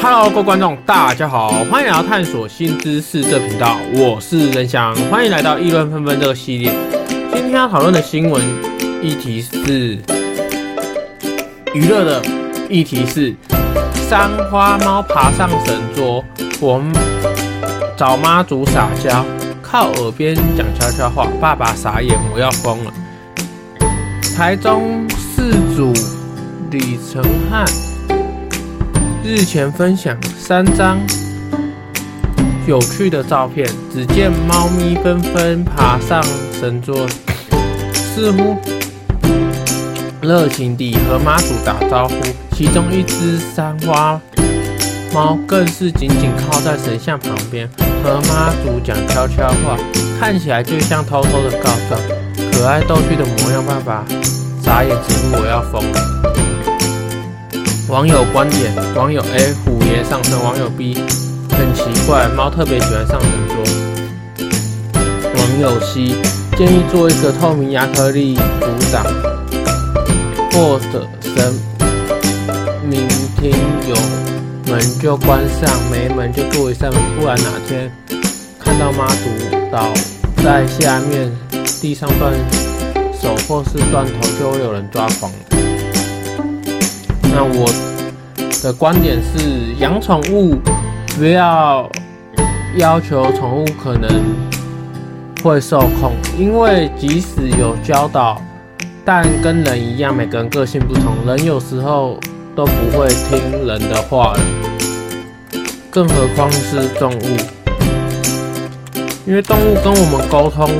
Hello，各位觀眾，大家好，歡迎來到探索新知識這頻道，我是任翔，歡迎來到議論紛紛這個系列。今天要討論的新聞議題是娛樂的，議題是三花貓爬上神桌，我媽找媽祖撒嬌，靠耳邊講悄悄話，爸爸傻眼，我要瘋了。台中四組李承翰，日前分享三張有趣的照片，只見貓咪紛紛爬上神桌，似乎熱情地和媽祖打招呼。其中一只三花貓更是緊緊靠在神像旁邊，和媽祖講悄悄話，看起來就像偷偷的告狀，可愛逗趣的模樣，爸爸，眨眼間我要瘋了。網友觀點：網友 A 虎爺上身。網友 B 很奇怪，貓特別喜歡上神桌。網友 C 建議做一個透明亞克力阻擋，或者神明天有門就關上，沒門就做一扇門，不然哪天看到媽祖倒在下面地上斷手或是斷頭，就會有人抓狂。那我的觀點是，養寵物不要要求寵物可能會受控，因為即使有教導，但跟人一樣，每個人個性不同，人有時候都不會聽人的話，更何況是動物。因為動物跟我們溝通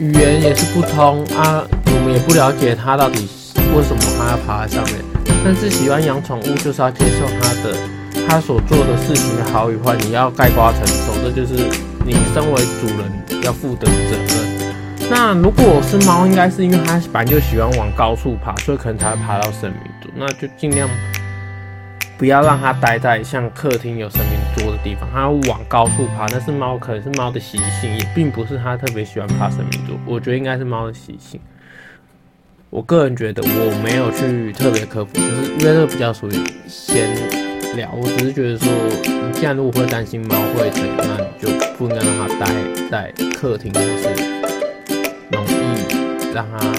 語言也是不通啊，我們也不了解它到底。為什麼它要爬在上面？但是喜歡養寵物就是要接受它的，它所做的事情的好與壞，你要概括承受，這就是你身為主人要負的責任。那如果是貓，應該是因為它本來就喜歡往高處爬，所以可能才會爬到神明桌。那就盡量不要讓它待在像客廳有神明桌的地方。它往高處爬，那是貓，可能是貓的習性，也並不是它特別喜歡爬神明桌。我覺得應該是貓的習性。我個人覺得我沒有去特別科普，就是因為這個比較屬於閒聊。我只是覺得說，你既然如果會擔心貓會怎樣，那你就不能讓它待在客廳，就是容易讓它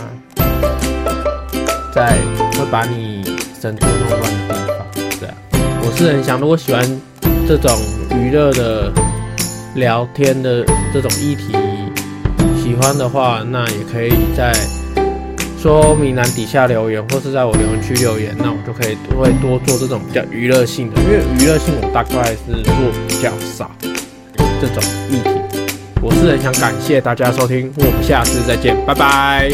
在會把你繩子弄亂的地方。這樣，啊，我是很想，如果喜歡這種娛樂的聊天的這種議題，喜歡的話，那也可以在。說明欄底下留言，或是在我留言區留言，那我就可以會多做這種比較娛樂性的，因為娛樂性我大概是做比較少這種議題。我是很想感謝大家收聽，我們下次再見，拜拜。